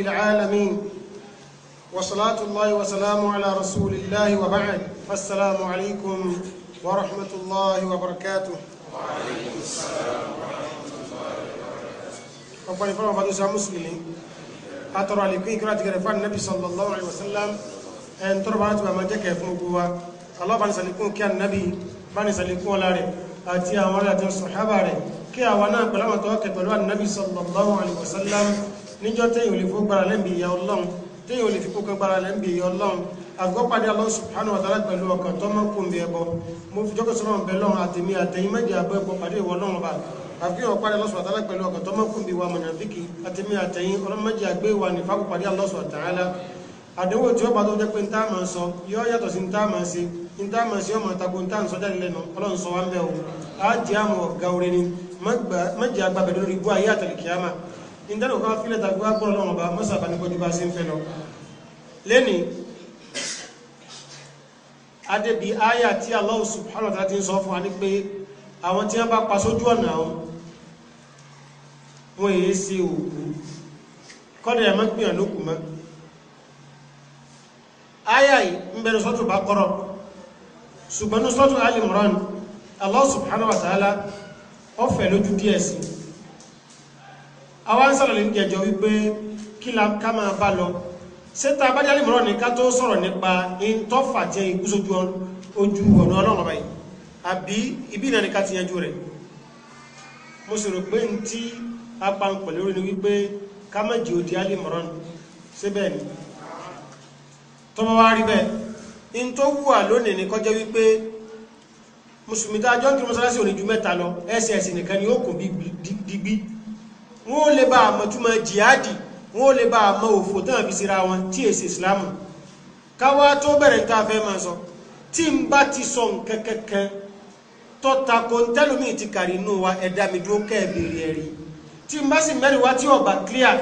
العالمين وصلاة الله وسلام على رسول الله وبعد فالسلام عليكم ورحمة الله وبركاته وعليكم السلام ورحمة الله وبركاته ربنا فرما مسلمين أترى لكي كرات كرفان النبي صلى الله عليه وسلم أن تربعت بما جاك يفنقوا الله بان سلكون كان النبي bani salikun ọlá rẹ̀ àti àwọn alájọ́ sọ̀hábà rẹ̀ kí àwọn náà pẹ̀lú àwọn tọ́wọ́kẹ̀ pẹ̀lú annabi níjọ́ téèyàn ò lè fó gbára lẹ́mìí ìyá ọlọ́run téèyàn ò lè fi kókó gbára lẹ́mìí ìyá ọlọ́run àgbọ́pàdé Allah subhanahu wa ta'ala pẹ̀lú ọkàn tó mọ́ kùn bí ẹbọ mo fi jọ́kọ̀ sọ́rọ̀ bẹ̀ lọ́run àtẹ̀mí àtẹ̀yìn méjì àbọ̀ ẹbọ pàdé ìwọ ọlọ́run bá àfihàn pàdé Allah subhanahu wa ta'ala pẹ̀lú ọkàn tó mọ́ kùn bí wa mọ̀nàfíkì àtẹ̀mí àtẹ̀yìn ọlọ́run méjì àgbé wa ní fáwọn pàdé Allah subhanahu wa ta'ala àdéhùn tí ó bá tó jẹ́ pé ntá máa sọ yóò yàtọ̀ sí ntá máa ṣe ntá máa ṣe ọmọ ìtako ntá ń sọ jáde lẹ́nu ọlọ́run sọ wá ń bẹ̀ o á jẹ́ àmọ̀ ọ̀gá orin ni má jẹ́ agbábẹ̀ lórí ibú ayé àtàlẹ̀kíámà ìdánù ká fílẹ̀ ta wá gbọ́rọ̀ lọ́wọ́ bá mọ́sà bá ní kọjú bá sí ń fẹ́ lọ Allah ti ń sọ fún pe àwọn tí wọ́n bá pa sójú ọ̀nà àwọn wọ́n èé sí òkú kọ́dẹ̀ ẹ̀mọ́ gbìyàn lókù mọ́ áyà yìí ń bẹ̀rẹ̀ sọ́tù bá kọ́rọ̀ ṣùgbọ́n ní sọ́tù Allah subhanahu wa ta'ala ọ̀fẹ́ lójú díẹ̀ sí àwọn sọ̀rọ̀ lè jẹjọ wípé kí la ká máa bá lọ ṣé ta bá jálè mọ́rọ̀ ní ká tó sọ̀rọ̀ nípa ìtọ́fà jẹ́ ìgbúsojú ojú ọ̀nà ọlọ́run ọba yìí àbí ibi ìnà ní ká ti yanjú rẹ̀ mo sì rò pé tí a pa ń pẹ̀ lórí ni wípé ká má jì òdi alè mọ́rọ̀ ṣé bẹ́ẹ̀ ni tọ́mọ wá rí bẹ́ẹ̀ in tó wù à lónìí ní kọjá wípé mùsùlùmí tá a jọ ń kí mọ́sálásí òní mẹ́ta lọ ẹsẹ̀ ẹ̀sìn nìkan ni ó kò bí gbí wọn ò lè bá àmọ́túmọ̀ jihadi wọn ò lè bá àmọ́ òfò tán fi síra wọn tí èsì islam káwá tó bẹ̀rẹ̀ tá a fẹ́ máa sọ tí n bá ti sọ nǹkan kankan tọ́ta kò ń tẹ́lómi ti kàrí inú wa ẹ̀dá mi dúró kẹ́ẹ̀bẹ̀rẹ̀ ẹ̀rí tí n bá sì mẹ́rin wá tí ọ̀bà clear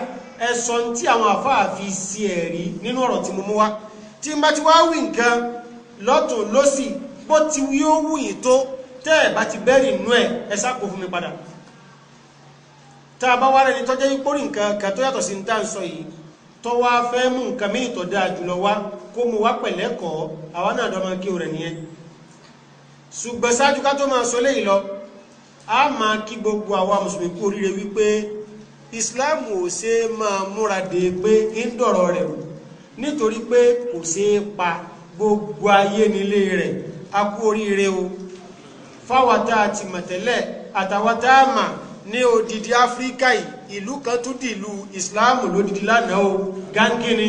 ẹ̀sọ́ tí àwọn àfáàfi sí ẹ̀rí nínú ọ̀rọ̀ tí mo mú wá tí n bá ti wá wí nǹkan lọ́tún lọ́sì bó ti yóò wù yìí tó tẹ́ ẹ̀ bá ti bẹ́rì inú ẹ̀ ẹ̀ sá kò fún mi padà tá a bá wá rẹni tó jẹ́ ìpórí nǹkan kan tó yàtọ̀ sí ń tá sọ yìí tó wá fẹ́ mú nǹkan tó dáa mu wá àwa náà dọ́mọ o rẹ̀ nìyẹn ṣùgbọ́n ṣáájú ká tó máa sọ léyìí lọ a máa kí gbogbo àwa mùsùlùmí kú oríire wípé Islam ò ṣe máa múra de pé o nítorí pé kò pa gbogbo ayé nílé rẹ̀ a kú o tá a ti mọ̀ tẹ́lẹ̀ tá a ní odidi áfíríkà ìlú kan tún dìlú ìsìláàmù lódidi lánàá o gángí ni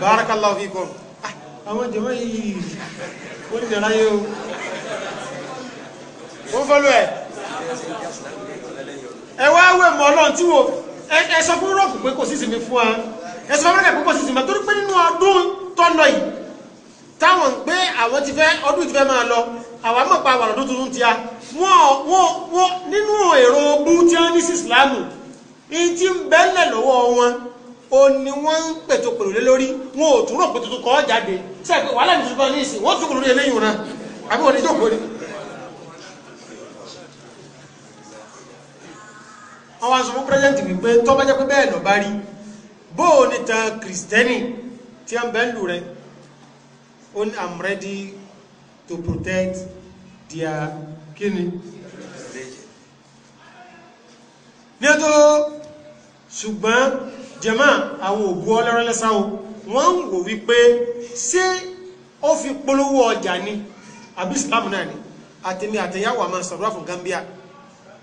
barakallahu fikum ah, àwọn jẹmọ́ yìí ó ní ìráyé o ó fọ́lọ́ ẹ̀ ẹ wá wẹ̀ mọ́ ọlọ́run tí wo ẹ sọ fún rọ́ọ̀pù pé kò sísìnmi fún wa ẹ sọ fún rọ́ọ̀pù pé kò sísìnmi torí pé nínú ọdún tọ́lọ yìí táwọn ń pé àwọn ti fẹ́ ọdún ti fẹ́ máa lọ àwa mọ̀ pa àwàlọ́ tó tuntun ti a wọ́n nínú èrò bú tí wọ́n ní sí ìsìláàmù ní tí ń bẹ́lẹ̀ lọ́wọ́ wọn o ni wọ́n ń pètò pèlò lé lórí wọn ò tún rò pé tuntun kọ́ jáde sẹ́ẹ̀kì wàhálà ní tuntun kọ́ ní ìsìn wọ́n tún kò lórí eléyìí wọn àbí wọn ní jókòó ni. àwọn aṣọ fún pírẹsidẹ́ǹtì wípé tó bá jẹ́ pé bẹ́ẹ̀ lọ bá rí bóò ní tan kìrìsìtẹ́nì tí wọ́n bẹ́ẹ̀ lù rẹ̀ ó ní I'm ready to protect their kini ní ẹ̀tọ́ ṣùgbọ́n jẹma àwọn òbú ọlọ́rọ̀lẹ́sá o wọ́n ń wò wípé ṣé ó fi polówó ọjà ni àbí Islam náà ni àtẹ̀mí àtẹ̀yàwó àmà sọ̀rọ̀ fún Gambia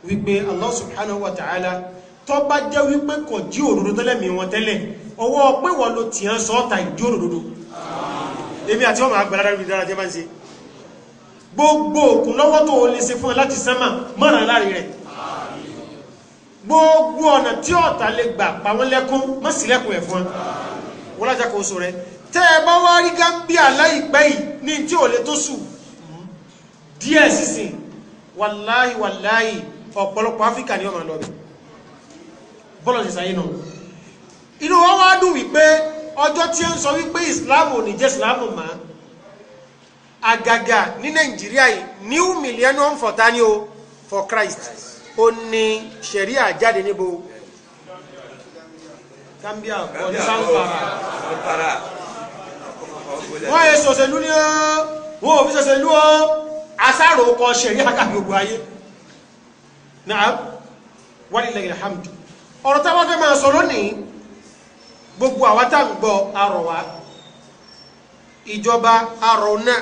wípé Allah subhanahu wa ta'ala tó bá jẹ́ wípé kọ̀ jí òdodo tẹ́lẹ̀ mi wọn tẹ́lẹ̀ ọwọ́ pé wọ́n lo tìyàn sọ́ọ̀tà ìjí òdodo èmi àti ọmọ àgbàlára rí dára jẹ́ bá ń ṣe gbogbo òkun lọ́wọ́ tó lè ṣe fún ẹ láti sánmà mọ́ràn láàrin rẹ̀ gbogbo ọ̀nà tí ọ̀tá lè gbà pa wọ́n lẹ́kún mọ́ sí lẹ́kùn ẹ̀ fún wọn lájà kò sọ rẹ tẹ́ ẹ bá wá rí Gambia láìpẹ́ yìí ní tí ò lè tó sù díẹ̀ sísìn wàláhì wàláhì ọ̀pọ̀lọpọ̀ Áfíríkà ni ọmọ lọ́bẹ̀ bọ́lọ̀ ṣe sáyé náà inú wọn wá dùn wípé ọjọ́ tí ó ń sọ wípé Islam ò ní jẹ́ Islam máa Agaga, ní nàìjíríà yìí new millennium for tani o for christ ó ní sẹ̀ríà jáde níbo gambia ọ̀nsáǹfàrà wọ́n yẹ sọ̀sẹ̀lú ní wọ́n ò fi sọ̀sẹ̀lú ọ́ asáró kọ sẹ̀ríà ká gbogbo ayé náà walilahi alhamdu ọ̀rọ̀ táwọn fẹ́ máa sọ lónìí gbogbo àwa ń gbọ́ arọ̀ wa ìjọba arọ̀ náà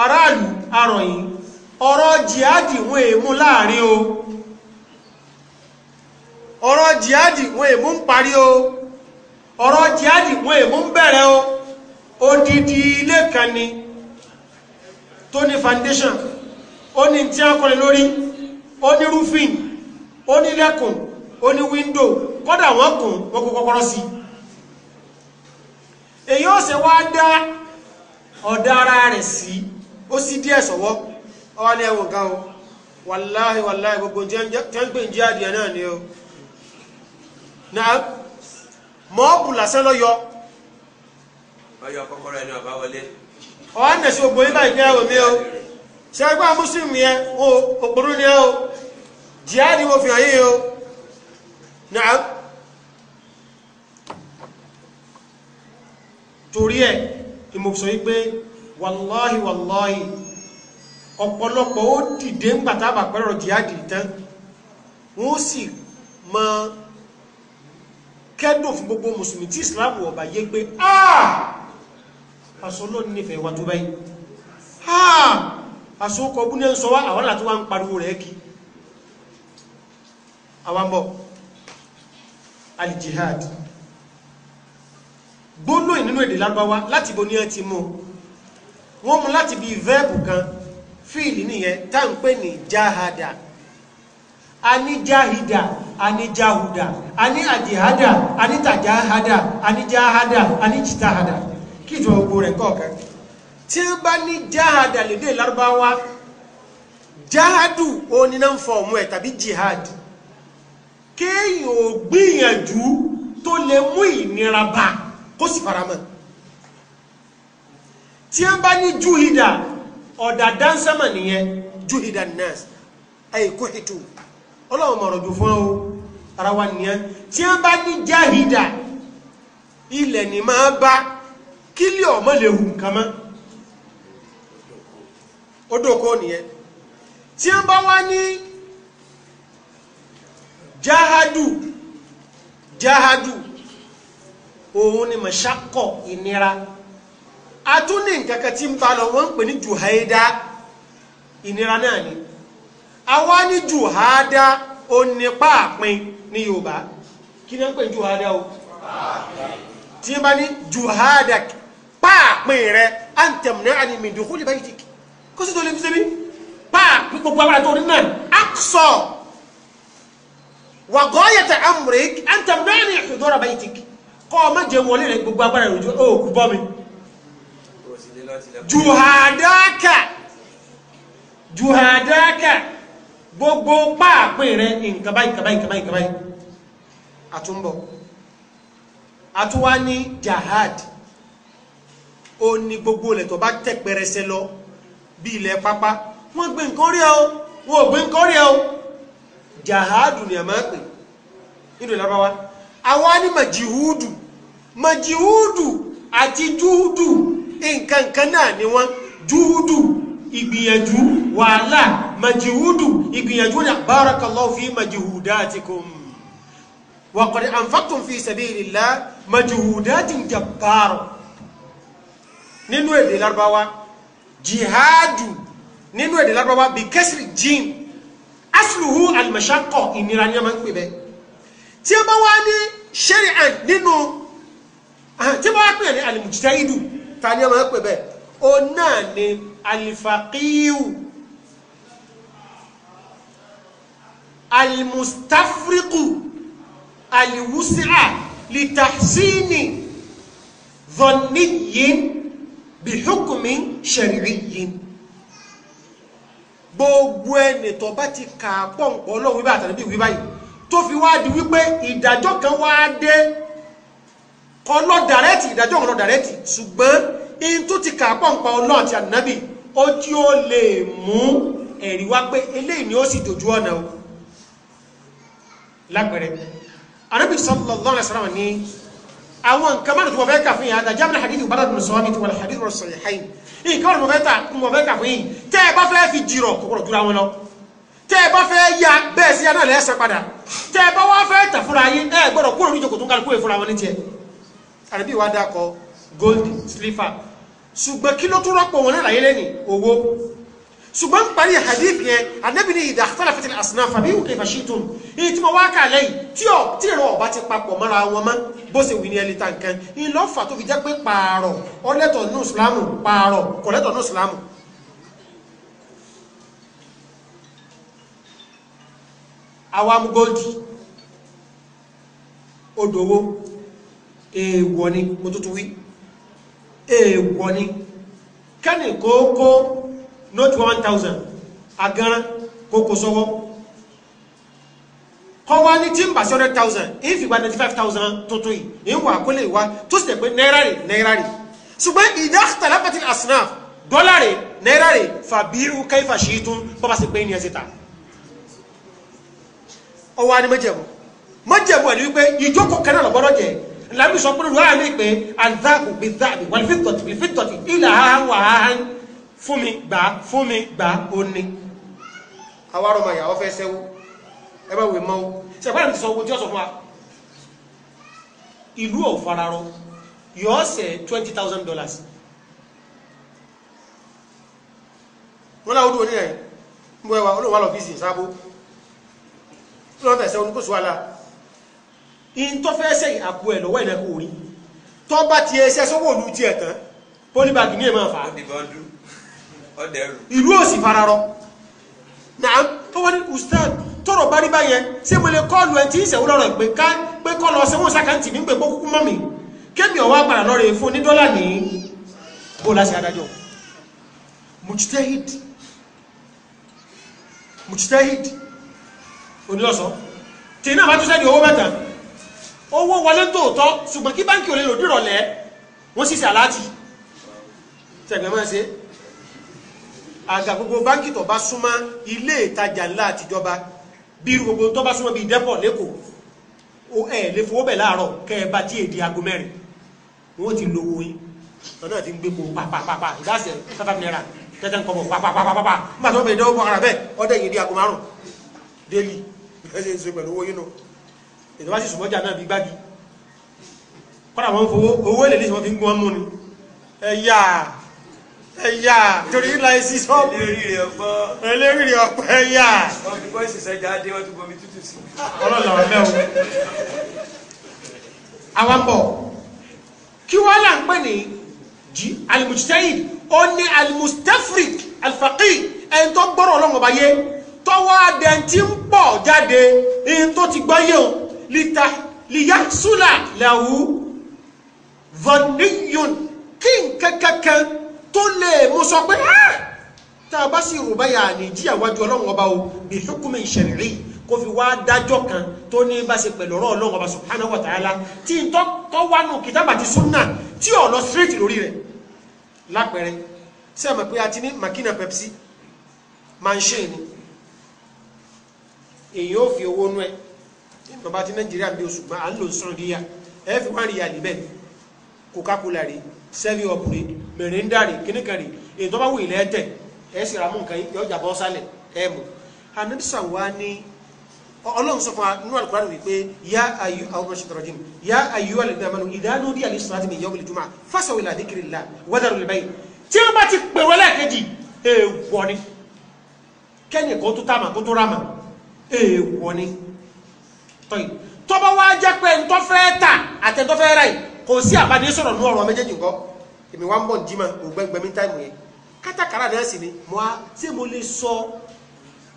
aráàlú arọ̀yìn ọ̀rọ̀ jihadi wọn èmú láàrin o ọ̀rọ̀ jihadi wọn èmú ń parí o ọ̀rọ̀ jihadi wọn èmú ń bẹ̀rẹ̀ o odidi ilé kan ni tó ní foundation ó ní tí a kọ́ni lórí ó ní roofing ó ní lẹ́kùn ó ní window kódà wọ́n kùn wọ́n kó kọ́kọ́rọ́ sí èyí ó sì wá dá ọ̀dá ara rẹ̀ sí si. ó sì díẹ̀ sọ̀wọ́ ọwá ní ẹwọ̀n kan o wàláhì wàláhì gbogbo jẹ́ǹgbè ń jẹ́ adìẹ náà ni o náà mọ́ọ̀bù lásán lọ yọ ọyọ kọ́kọ́rọ́ ẹni ọba wọlé ọwá nẹ̀ sí gbogbo yín báyìí kẹ́ ẹ̀wọ̀n o ṣe ẹgbẹ́ mùsùlùmí yẹn o òpòrú ni o jihadi wo fi hàn yín o náà torí ẹ̀ ìmọ̀sọ̀ yí pé wàláhì wàláhì ọ̀pọ̀lọpọ̀ ó dìde ń gbà jihadi tán wọ́n sì mọ kẹ́dùn fún gbogbo mùsùlùmí tí islam ọba yé pé ah nífẹ̀ẹ́ wa tó báyìí ah aṣọ ní ń sọ wá àwọn àti wá ń pariwo rẹ̀ kí àwọn bọ̀ alijihad gbóná nínú èdè lágbáwá láti ní ẹ wọ́n mú láti bí vẹ́ẹ̀bù kan fíìlì nìyẹn tá à pè ní jahada ani jahida ani jahuda ani ajihada ani tajahada ani jahada ani jitahada kí ìtumọ̀ gbogbo rẹ̀ kọ̀ọ̀kan tí ó bá ní jahada lédè lárúbáwá jahadu onínàfọ̀ ọmọ ẹ̀ tàbí jihad kéèyàn ò gbìyànjú tó lè mú ìnira bá kó sì faramọ́ tí a bá ní juhida ọ̀dà dáńsámà nìyẹn juhida nas ayé kó ètò ọlọ́run mọ̀rọ̀ jù fún ọ ara wa nìyẹn tí a bá ní jahida ilẹ̀ ni máa bá kílí ọmọ lè hù nǹkan mọ́ nìyẹn tí a bá wá ní jahadu jahadu òun ni mọ̀ṣákọ̀ ìnira a tún ní nǹkan ń ba lọ wọ́n ń pè ní juhaida ìnira náà ni àwa ní juhaida ó ní yorùbá kí ni wọ́n pè ní juhaida o tí wọ́n bá ní juhaida páàpin rẹ antamna'ani min dukhuli baytik kó sì tó lè fi ṣe mí páàpin gbogbo àwọn àtọ́rin náà aksọ wa gayata amrik antamna'ani hudura baytik kọ́ ọ má jẹun wọlé rẹ gbogbo agbára ìròjọ́ ó kú bọ́ mi juhadaka juhadaka gbogbo páàpín rẹ nǹkan báyìí nǹkan báyìí nǹkan báyìí nǹkan báyìí àtúnbọ̀ àtúwá ní jahad ó ní gbogbo ilẹ̀ tó bá tẹ̀ pẹrẹsẹ lọ bí ilẹ̀ pápá wọ́n gbé nǹkan rí ọ wọ́n ò gbé nǹkan rí jahadu ni a máa pè nínú ìlàbáwá àwọn á ní màjìhúdù àti júùdù nǹkan kan náà ni wọ́n júúdù ìgbìyànjú wàhálà màjìhúdù ìgbìyànjú náà barakallahu fi majihudatikum wa qad anfaqtum fi sabilillah majihudatin jabbar nínú èdè Lárúbáwá jihadu nínú èdè Lárúbáwá bí kẹsìrì jim asluhu almashakọ ìnira ni a máa ń pè bẹ tí a bá wá ní shari'an nínú tí bá wá pè ní alimujitahidu ta ni ọmọ pè bẹ́ẹ̀ o náà ni alifakiyu alimustafriku aliwusia litahsini dhoniyin bihukumi shari'iyin gbogbo ẹni tó bá ti kà á pọ̀ nǹkan ọlọ́run wíwá àtàlẹ́bí wíwá yìí tó fi wá di wípé ìdájọ́ kan wá dé kọ lọ dàrẹ́tì ìdájọ́ ọ̀rọ̀ dàrẹ́tì ṣùgbọ́n in tó ti kà pọ̀npọ̀ ọlọ́ àti ànábì ó tí ó lè mú ẹ̀rí wá pé eléyìí ni ó sì dojú ọ̀nà o lápẹẹrẹ ànábì sallallahu alaihi wasallam ní àwọn nǹkan márùn tí wọ́n fẹ́ kà fún yìí adájá mi hadith ìbára tó sọ wá mi tí wọ́n hadith rọ̀ sọ̀rọ̀ yìí nǹkan márùn tí wọ́n fẹ́ kà fún yìí tẹ́ ẹ bá fẹ́ fi jìrọ̀ kòkòrò dúra wọn lọ tẹ́ ẹ bá fẹ́ ya bẹ́ẹ̀ sí ya náà lẹ́sẹ̀ padà tẹ́ ẹ bá wá fẹ́ tà fúnra yín ẹ gbọ́dọ̀ kúrò níjókòó tó ń kálukú yẹn wọn ní tiẹ̀ àrẹ́bí wa dákọ gold slipper ṣùgbọ́n kí ló tún rọ́pò wọn náà láyé lẹ́ni owó ṣùgbọ́n parí hadith yẹn anábì ní ìdá àtàlà fẹ́tẹ̀lẹ̀ àsìnà fàbí òkè fàṣítùn èyí tí mo wá kà lẹ́yìn tí ọ̀ tí èrò ọ̀bá ti papọ̀ mọ́ra wọn mọ́ bó ṣe wí ní ẹni tá nǹkan ìlọ́fà tó fi jẹ́ pé pààrọ̀ ọlẹ́tọ̀ nù ìsìlámù pààrọ̀ kọ̀lẹ́tọ̀ nù ìsìlámù awam gold odowo èèwọ̀ ni mo tó tún wí èèwọ̀ ni kẹ́nì kóókó note one thousand agaran kókó sọ́wọ́ kọ́wá ní tí ń bà sí hundred thousand ń fìgbà ninety five thousand tuntun yìí ń wà kó lè wá tó sì tẹ̀ náírà rè náírà rè ṣùgbọ́n ìdá tàlápàtì asnaf dọ́là rè náírà rè fàbíru kaifa shi'tum bọ́bá sí pé ní ẹsẹ̀ ta ọwọ́ á ní mọ́jẹ̀mú mọ́jẹ̀mú ẹ̀ ní wípé ìjókòó kan náà lọ́gbọ́dọ̀ jẹ́ lábí sọ pé olùwà mi pé azáàkù bí záàbì wà fìtọ̀tì bí fìtọ̀tì ìlà ahán wà ahán fún mi gbà fún mi gbà ó ní. àwa rọmọ ìyàwó fẹ́ sẹ́wó ẹ bá wè mọ́ o ṣẹ̀gbọ́n mi ti sọ ogun tí ó sọ fún wa ìlú ò fararọ yọ̀ọ́ twenty thousand dollars wọ́n láwọn olúwo ní ẹ̀ ń bọ́ ẹwà olóòwà lọ́fíìsì sábó lọ́fẹ̀ẹ́sẹ̀ oníkóṣù wàhálà in tó fẹ́ sẹ́yìn àpò ẹ̀ lọ́wọ́ ìnákò orí tó bá ti ẹsẹ́ sọ́wọ́ òlú ti ẹ̀tàn pólíbàgì ní èèmọ̀ fà á ìlú òsì fararọ náà tó wọ́n ní ustad tọrọ bá rí báyẹn ṣé mo lè kọ́ọ̀lù ẹ̀ tí ń sẹ̀wọ́ lọ́rọ̀ pé ká pé kọ́ lọ sẹ́wọ́n sàkáǹtì ní pé kókó mọ́ mi kémi ọ̀wá àpàrà lọ́rẹ̀ fún ní dọ́là ní bó láti adájọ́ mujtahid mujtahid onílọ́sọ tí náà bá tún sẹ́ni owó mẹ́ta owó wọlé tóòtọ́ ṣùgbọ́n kí báńkì ò lè lò dìrọ̀lẹ́ wọ́n sì sàláàtì tẹ̀gbẹ́ máa ṣe àga gbogbo báńkì tó bá súnmọ́ ilé ìtajà ńlá àtijọba bí gbogbo tó bá súnmọ́ bíi dẹ́pọ̀ lẹ́kọ̀ọ́ ẹ̀ lè fowó bẹ̀ láàárọ̀ kẹ́ ẹ bá tí èdè aago mẹ́rin wọ́n ti lówó yín lọ́nà tí ń gbé po pàpàpàpà ìdásẹ̀ five naira tẹ́tẹ́ ń kọ́bọ̀ pàpàpàpàpà nígbà tó bẹ̀rẹ̀ dẹ́wọ́ bọ̀ ara bẹ́ẹ̀ ọdẹ yìí di aago márùn-ún délì ẹ̀ ṣe ń ṣe pẹ̀lú owó yín náà ètò wá sí ṣùgbọ́jà náà bí gbági kọ́nà wọ́n fowó owó èlè ní ìṣọ́ fi ń gún ọmọ ni ẹ̀yà ẹ̀yà torí ńlá isi sọ́ọ̀bù eléri rẹ̀ ọ̀pọ̀ ẹ̀yà ọlọ́lọ́wọ́ mẹ́wọ́ àwọn bọ̀ kí wọ́n là ń pè ní jí alimusitayid ó ní alimustafrik alfaqi ẹni tó gbọ́rọ̀ ọlọ́run ọba yé tọ́wọ́ adẹ̀ tí ń pọ̀ jáde ẹni tó ti gbọ́ yé o lìyásúlà làwù vọ̀níyùn kí nǹkan kankan tó lè mú sọ pé tá a bá sì rò báyà ní jíyàwájú ọlọ́run ọba o bí hukumi ṣẹ̀rí kó fi wá dájọ́ kan tó ní bá ṣe pẹ̀lú ọ̀rọ̀ ọlọ́run ọba subhanahu wa ta'ala tí n tọ́ wánú kìtàbà ti súnà tí ò lọ straight lórí rẹ̀ lápẹẹrẹ sí àmọ́ pé a ti ní makina pepsi máa ń ṣe ni èyí ò fi owó nú ẹ bàbá ti nàìjíríà bí oṣù gbọ́n à ń lò Saudiya ẹ fi wá rìyà níbẹ̀ Coca-Cola rè sẹ́fì ọ̀pù rè mẹ̀rẹ̀ndà rè kíníkan rè èyí tó bá wù ilẹ̀ tẹ̀ ẹ sì ra mú nǹkan yìí yọjà bọ́ sálẹ̀ ẹ mọ̀ anamisa wa ni ọlọ́run sọ fún wa nínú alukuraani wípé yá ayú àwọn ọmọ ṣètò rọjìn yá ayú alẹ́dẹ́ amánu ìdáná orí àlẹ́ sọ́láti mi yọ̀wọ̀lẹ̀ jùmọ̀ fásitì tọ́yì tọ́bọ̀ wá jẹ́ pé ntọ́ fẹ́ tà àtẹ̀ntọ́ fẹ́ ra yìí kò sí àbádé sọ̀rọ̀ nú ọ̀rọ̀ méjèèjì nǹkan èmi wá ń bọ̀ jímọ̀ ògbẹ́ngbẹ́mí táìmù yẹn kátàkárà náà sì ni mo á ṣé mo lè sọ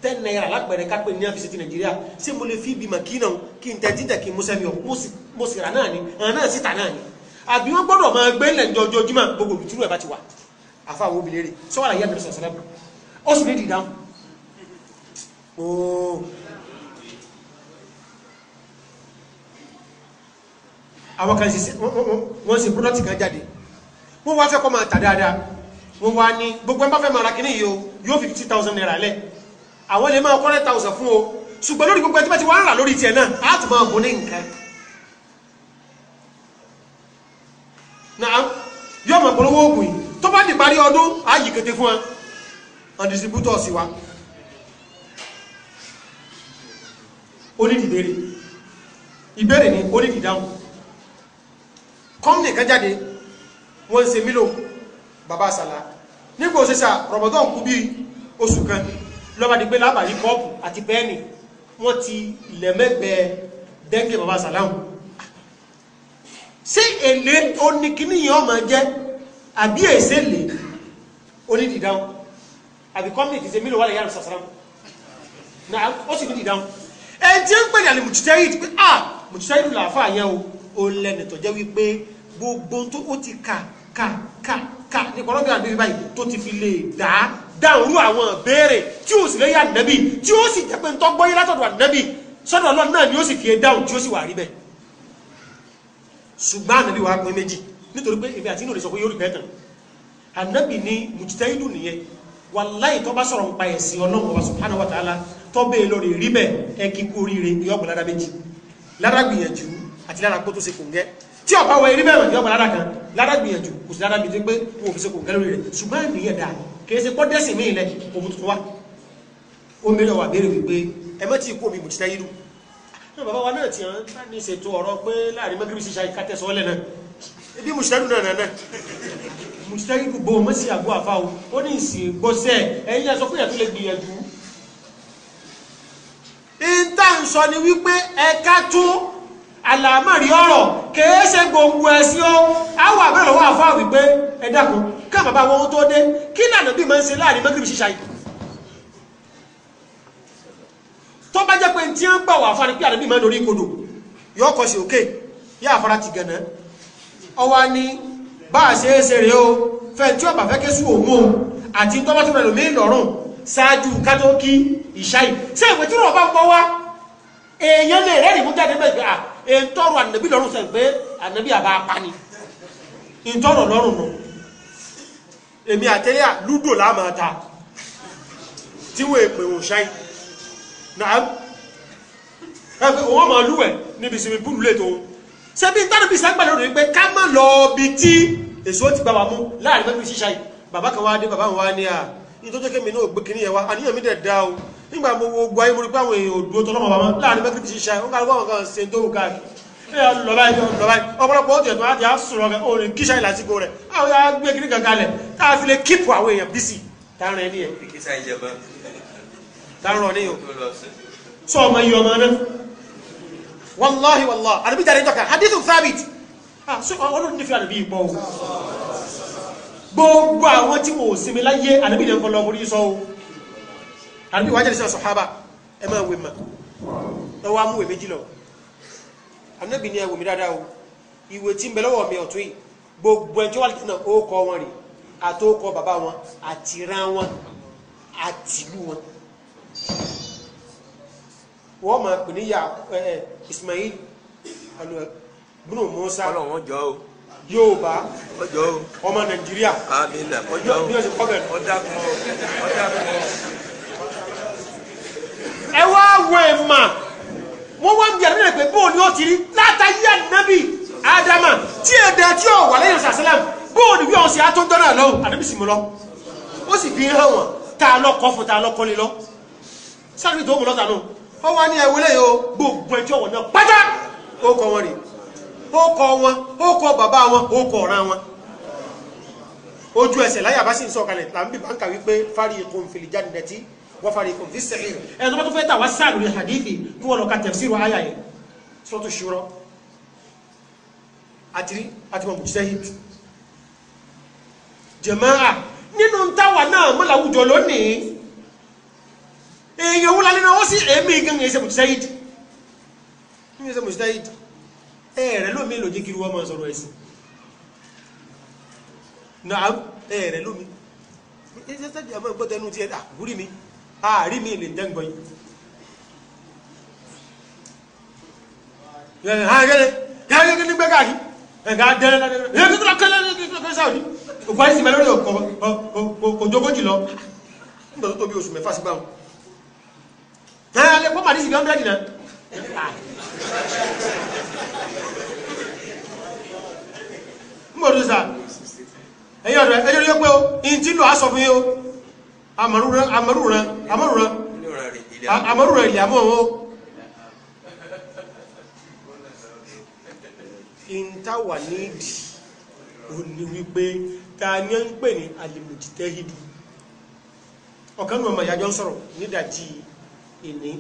ten naira lápẹ̀rẹ̀ kápẹ́ ní àfisẹ́ ti nàìjíríà ṣé mo lè fi ibi mà kí náà kí n tẹ̀tí tẹ̀ kí n mú sẹ́mi ọ̀ mo sì rà náà ni ẹ̀ náà sì tà náà ni àbí wọ́n gbọ́dọ̀ máa gbé ilẹ̀ jọjọjúmọ́ gbogbo ìtúrú ẹ̀ bá ti wà àfàwọn obìnrin rẹ̀ sọ́wọ́n àyẹ̀ bẹ̀rẹ̀ sọ̀sọ̀ lẹ́bùn ó sì ní ìdìdáhùn àwọn kan wọ́n ṣe product kan jáde wọ́n wá fẹ́ kọ́ máa tà dáadáa wọ́n wá ní gbogbo ẹ̀ bá fẹ́ máa ra yìí o yóò fi fifty thousand naira lẹ̀ àwọn lè máa kọ́ nine thousand fún o ṣùgbọ́n lórí gbogbo ẹ̀ tí wọ́n ti wá ń rà lórí tiẹ̀ náà á tún máa bọ̀ ní nǹkan náà yóò máa polówó oògùn yìí tó bá di parí ọdún á yìí kété fún wa and distributors wa onídìí ìbéèrè ìbéèrè ni onídìí dáhùn kọ́mìnì kan jáde wọ́n ń ṣe mílò bàbá àsàlá nígbà òṣèṣà rọ̀bọ̀dán kú bí oṣù kan lọ́ba di pé lábàrí kọ́ọ̀pù àti pẹ́ẹ́nì wọ́n ti lẹ̀mẹ́gbẹ̀ẹ́ dẹ́ńgẹ̀ bàbá àsàlá hù sí èlé oníkíníyàn ọmọ jẹ́ àbí èsè lè onídìdáhùn àbí kọ́mìnì ti ṣe mílò wà lẹ́yìn àrùsàsàrà náà ó sì nídìdáhùn ẹn tí ń pè ah mùtítẹ́rì làáfà yẹn o ó lẹ́nìtọ̀ jẹ́ wípé gbogbo tó ó ti kà kà kà kà ní kọ́lọ́bí àdébí báyìí tó ti fi lè dá dáhùn rú àwọn ìbéèrè tí ó sì lẹ́yìn ànábì tí ó sì jẹ́ pé ń tọ́gbọ́yé látọ̀dọ̀ ànábì sọ́dọ̀ ọlọ́run náà ni ó sì fi dáhùn tí ó sì wà rí bẹ́ẹ̀ ṣùgbọ́n ànábì wàá pín méjì nítorí pé èmi àti inú rẹ̀ sọ pé yóò rí bẹ́ẹ̀ tán ànábì ni mùtítẹ́ìlù nìyẹn wàláì tó bá sọ̀rọ̀ ń pa ẹ̀sìn ọlọ́run ọba subhanahu wa ta'ala tó bẹ́ẹ̀ lọ rè rí bẹ́ẹ̀ ẹ kíkú oríire ìyọ́gbọ̀n lára méjì lára gbìyànjú àti lára kó tó gẹ́ tí ọba wọ eré bẹ́ẹ̀ yọ̀gbọ̀n lára kan lára gbìyànjú kò sí lára gbìyànjú pé wọn ò fi ṣe kò gẹ́lórí rẹ̀ ṣùgbọ́n ènìyàn dà kìí ṣe pọ́dẹ́sì mí ilẹ̀ òun tuntun wa ó mẹ́rẹ̀ wà béèrè wípé ẹ mọ́ tí ikú omi ìbùtítà yìí dù náà bàbá wa náà ti hàn bá ní ṣètò ọ̀rọ̀ pé láàrin mọ́gírí ṣíṣe àìkátẹ́sọ lẹ̀ náà ebi mùsùlùmí náà náà mùsùlùmí gbogbo mọ́ sí àgọ́ àfa o ó ní ìsìn gbọ́sẹ̀ ẹ̀yin lẹ́sọ fún ìyàtọ̀ lè gbìyànjú. ìta ń sọ ni wípé ẹ̀ka tún àlàmọ́rí ọ̀rọ̀ kèé ṣe gbogbo ẹ̀sí ó àwọn àbẹ̀rẹ̀ lọ́wọ́ àfáà wípé ẹ dákun ká bàbá wọn tó dé kí lànà bí máa ń ṣe láàrin mẹ́kìrì ṣíṣà yìí tó bá jẹ́ pé tí ń gbà wà fún àdébí àdébí máa ń lórí kodò yọ ọkọ̀ sí òkè yá àfárá ti gànà ọwá ni bá a ṣe é ṣe rèé o fẹ́ tí ọba fẹ́ késù òun o àti tó bá tó rẹ̀ lómi lọ́rùn ṣáájú ká tó kí ìṣáì ṣé ìwé tí wọ́n bá ń bọ́ wá èèyàn lè rẹ́rìí mú jáde bẹ́ẹ̀ ntọrọ anabi lọ́rùn sẹ pé anabi àbá pani ntọrọ lọ́rùn nù èmi àtẹlẹ lúdò láàmà ta tí wọn èpè wọn ṣáì náà ẹ pé wọn máa lúwẹ níbi sinmi búlù lẹtọ sẹbi ntánàbí sàgbàlẹ rẹ pé ká má lọ bi tí èso ti gbà wà mú láàrin mẹbi ṣíṣáì bàbá kan wá dé bàbá wọn wá ní à nítorí kẹmi náà gbé kínní yẹn wá àníyàn mi dẹ̀ dá o nígbà gbogbo ogun ayé múrí páwọn èèyàn òdúró tó lọ́mọ̀ bàmọ́ láàrin mẹ́kì ti ṣiṣẹ́ ó kàrùkọ́ ọ̀kan ṣe tó wù káàkiri ọ̀pọ̀lọpọ̀ o gbogbo àwọn tí wọn ò láyé àdúgbìjà ń kọ́ lọ àbí wájẹ́ lè sọ sọ̀hábà ẹ máa wè mà ẹ wá mú ìwé méjì lọ anábì ní ẹwò mi dáadáa o ìwé tí ń bẹ lọ́wọ́ mi ọ̀tún yìí gbogbo ẹni tí wọ́n náà ó kọ wọn rè àtòkọ bàbá wọn àtìrán wọn àtìlú wọn wọ́n máa pè ní ya Ismail Bruno Musa Yorùbá ọmọ Nàìjíríà bí wọ́n ti kọ́ bẹ̀rẹ̀ ẹ wá wọ ẹ̀mà wọ́n wá ń bí àdúrà pé bóò ni ó ti rí látàyé ànábì ádámà tí èdè tí ò wà lẹ́yìn sàṣẹ́lẹ̀m bóò ni bí ọ̀hún ṣe àtúntọ́ náà lọ́wọ́ ànábì sì mú lọ ó sì fi hàn wọ́n tá a lọ́kọ́ fún tá a lọ́kọ́ lé lọ sáré tó mú lọ́tà náà ó wá ní ẹwọlé yìí ó gbogbo ẹjọ́ wọn náà pátá ó kọ wọn rè ó kọ wọn ó kọ bàbá wọn ó kọ ọ̀ràn wọn ojú ẹsẹ̀ láyà bá sì ń sọ̀kalẹ̀ là bá ń kà wípé fárí ikùn fìlìjáde nẹ̀tí وفريق في السعير اي تو تو فتا وسال للحديث هو لو كان تفسير ايه سوره الشورى àti àti wọn mujtahid jẹ̀máà nínú táwà náà mọ́ làwùjọ lónìí èèyàn wúlá nínú ó sì èémí gan ẹsẹ̀ mujtahid ní ẹsẹ̀ mujtahid ẹ̀rẹ̀ lómi lòdì kiri wọ́n máa sọ̀rọ̀ ẹ̀sìn náà ẹ̀rẹ̀ lómi ẹ̀sẹ̀ tẹ́jì àmọ́ ìgbọ́tẹ̀nu ti ẹ̀ àkúrí mi ààrí mi lè dẹ́gbọ́ yìí Mbọ̀dúsà, ẹ̀yọ́ rẹ̀, ẹjọ́ yóò pé o, ìyìn tí o á sọ fún yóò amaruran amaruran amaruran amaruran ilẹ̀ amọ́ wọn ìntàwà nídìí ò ní wípé ta ní ń pè ní alimujitahidu ọ̀kan ní ọmọ ìyájọ́ ń sọ̀rọ̀ nídàjí ìní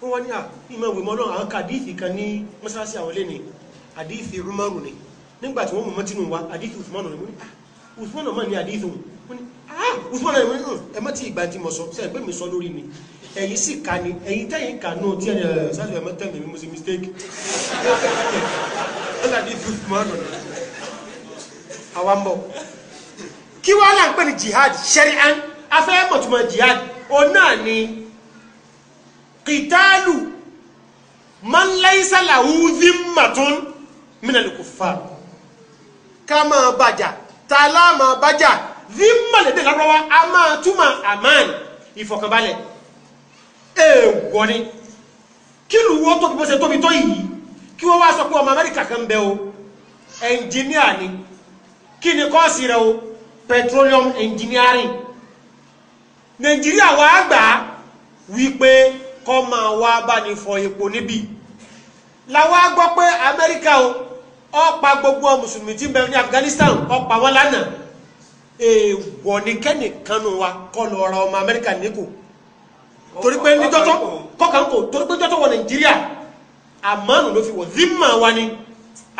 wọ́n wá ní à ìmọ̀ ìwé mọ́ náà àwọn kàdífì kan ní mọ́sálásí àwọn lẹ́ni àdífì rúmọ́rù ni nígbà tí wọ́n mú mọ́tínú wa àdífì Usman ni mo ní Usman náà mọ̀ ní àdífì òun usman ẹ̀ ẹ mọ́ tí ìgbà tí mo sọ sẹ́yìn pé mi sọ lórí mi ẹ̀yin sì ka ni ẹ̀yin tẹ́yìn kà náà tí ẹ̀yìn sáṣọ ẹ̀mọ́ tẹ̀mí mi mo ṣe mistake ó là ní fífi mọ́ ọ̀nà àwa ń bọ̀ kí wọ́n là ń pè ní jihad ṣẹ́rí án afẹ́ mọ̀túmọ̀ jihad òun náà ni kìtàlù man laysa lahu dhimmatun minal kuffar ká máa bàjà tá máa bàjà zimmalede lọ́rọ́wá a máa túmọ̀ aman ìfọ̀kànbalẹ̀ èèwọ̀ ni kí lù wọ́n tóbi bó ṣe tóbi tó yìí kí wọ́n wá sọ pé ọmọ amẹ́ríkà kan bẹ ni kí ni kọ́ọ̀sì rẹ petroleum engineering nàìjíríà wa gbà wípé kọ́ máa wá bá ní fọ epo níbí làwa gbọ́ pé amẹ́ríkà o ó pa gbogbo mùsùlùmí tí ń bẹ afghanistan ó pa wọ́n èèwọ̀ ní kẹ́nìkan nù wa kọ́ lọ ra ọmọ amẹ́ríkà níkò torí pé ní jọ́tọ́ kọ́kàn kò torí pé jọ́tọ́ wọ nàìjíríà àmánù ló fi wọ̀ zimma wa ni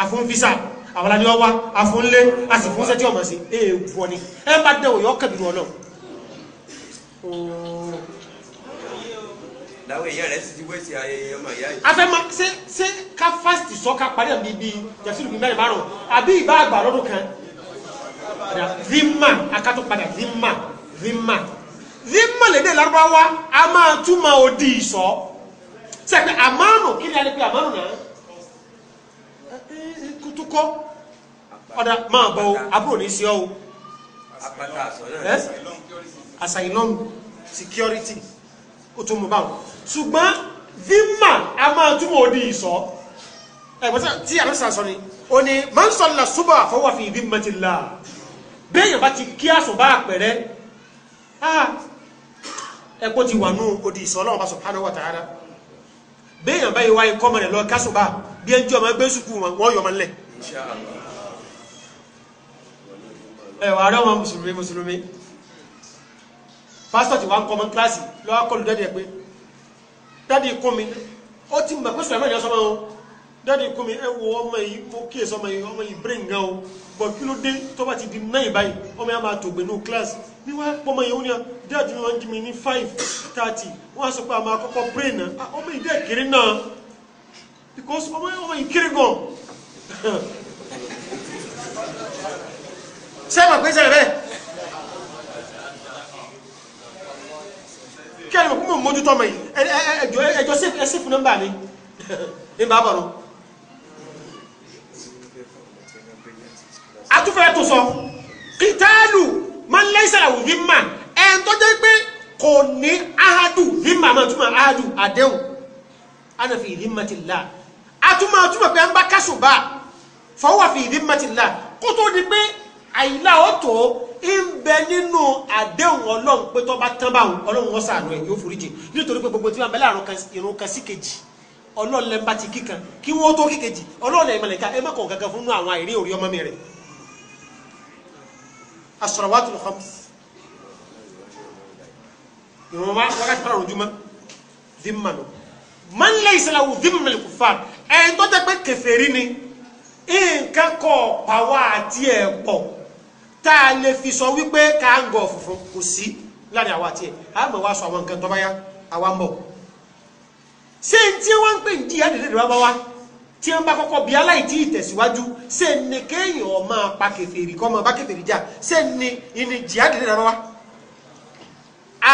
àfún fisa àwọn aládé wa àfún lé a sì fún sẹ́tí ọmọ sí èèwọ̀ ni ẹ bá dẹ̀ òyọ́ kẹ̀bìrú ọ̀nà. láwọn èèyàn rẹ̀ sì ti wé sí ayẹyẹ ọmọ ìyá yìí. afẹ́ máa ṣe ṣe ká fásitì sọ ká parí àbí bíi jàpsílù bíi mẹ́rin márùn-ún àbí ìbá àgbà lọ́dún kan zimma akátó padà zimma zimma zimma lédè de a ama túmọ̀ odi ìsọ Se àmánù kí ni a lè pe àmánù náà eh, eh, kutukọ́ ọ̀dà máa bọ̀ o àbúrò ní sí ọ o asylum eh? security o tún mú báwọn ṣùgbọ́n zimma a máa túmọ̀ odi ìsọ ẹ̀gbọ́n tí àlọ́ sàn sọ ni ó ní man salla suba fahuwa fi dhimmatillah. béèyàn bá ti kí àsùnbá àpẹẹrẹ ẹkọ́ ti wà ní odi ìsọ́lọ́wọ́n bá subhanahu wa ta'ala béèyàn bá yẹ wáyé kọ́mọ rẹ̀ lọ kásùnbá bí ẹjọ́ ọmọ ẹgbẹ́ sùkú wọn wọ́n yọ ọmọ nílẹ̀ wọn mùsùlùmí mùsùlùmí pásítọ̀ ti wá ń kọ́mọ kíláàsì lọ́wọ́ pé kún dáàdi kọ́mi ẹ wo ọmọ yìí mo kíyèsí ọmọ yìí ọmọ yìí brain gan o bọ̀ kí ló dé tó bá ti di náà báyìí ọmọ yẹn máa tògbè ní kíláàsì bí wọ́n á pọ́ ọmọ yẹn ó ní à dáàdi wọn jí mi ní five thirty wọ́n á sọ pé a máa kọ́kọ́ brain náà ah, ọmọ yìí dẹ́ kéré náà because ọmọ yẹn ọmọ yìí kéré gan sẹ́wọ̀n pé sẹ́wọ̀n bẹ́ẹ̀ kí ẹni mọ̀ kó mọ̀ mójútó ọmọ yìí ẹjọ́ ẹsẹ̀ fún nọ́mbà mi ní bàbá náà. atúfẹ́ tó sọ kìtàlù máa ń lẹ́sẹ̀ àwù hímà ẹn tó jẹ́ pé kò ní ahadu hímà máa túmọ̀ ahadu àdéhùn ana fi hímà ti là atúmọ̀ túmọ̀ pé ń bá kásù bá fọwọ́ fi hímà ti là kó tó di pé àyílá ó tó ń bẹ nínú àdéhùn ọlọ́run pé tó bá tán báwọn ọlọ́run wọn sàánú ẹ̀ yóò foríjì nítorí pé gbogbo tí wọn bẹ láàrún irun kan sí kejì ọlọ́run lẹ́ńbà ti kíkan kí wọ́n tó kíkejì ọlọ́run lẹ́yìn ẹ má kàn fún àwọn àìrí òrí ọmọ mi rẹ̀ asọ̀rọ̀wátì lọ kọ́ms ìwọ̀n wákàtí mara ojúmọ́ dhimma lọ man laysa lahu dhimma mẹ́lẹ̀ kò fà ẹ̀ tó jẹ́ pé kèfèrí ni nǹkan kọ̀ pàwọ́ àti ẹ̀ pọ̀ tá a lè fi sọ wípé káàngọ̀ funfun kò sí láàrin àwa àti ẹ̀ àmọ́ wá sọ àwọn nǹkan tó bá yá àwa ń bọ̀ ṣé tí wọ́n ń pè ní jìyà dèdè wá bá wá tí wọ́n bá kọ́kọ́ bí aláìtí ìtẹ̀síwájú ṣe ni kéèyàn ó máa pa kèfèrí kó máa bá kèfèrí jà ṣe ni ìní jihadi lè dáná wá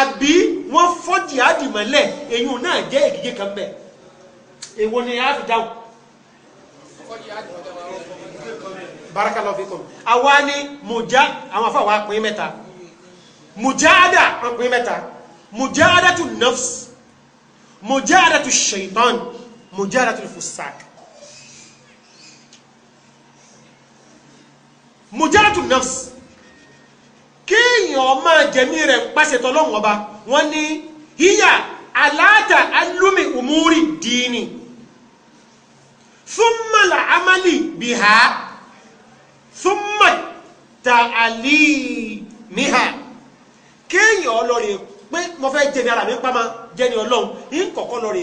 àbí wọ́n fọ́ jihadi mọ́lẹ̀ èyí náà jẹ́ èkìjẹ́ kan bẹ̀ èwo ni a fi dáhùn. barakallahu fikum àwa ni mujá àwọn afọ àwọn apin mẹ́ta mujahada apin mẹ́ta mujahadatu nafs mujahadatu shaitan mujahadatu fusak mujaratu nafs kéèyàn máa jẹ̀mí rẹ̀ pàṣẹ tọ́lọ́hún ọba wọ́n ní híyà aláàtà alúmi umuri dìínì súnmọ̀lá amálì bìhá súnmọ̀ tààlì níhà kéèyàn ọlọ́rẹ̀ pé mo fẹ́ jẹ́ni ara mi pamọ́ jẹ́ni ọlọ́run ń kọ̀kọ́ lọ rè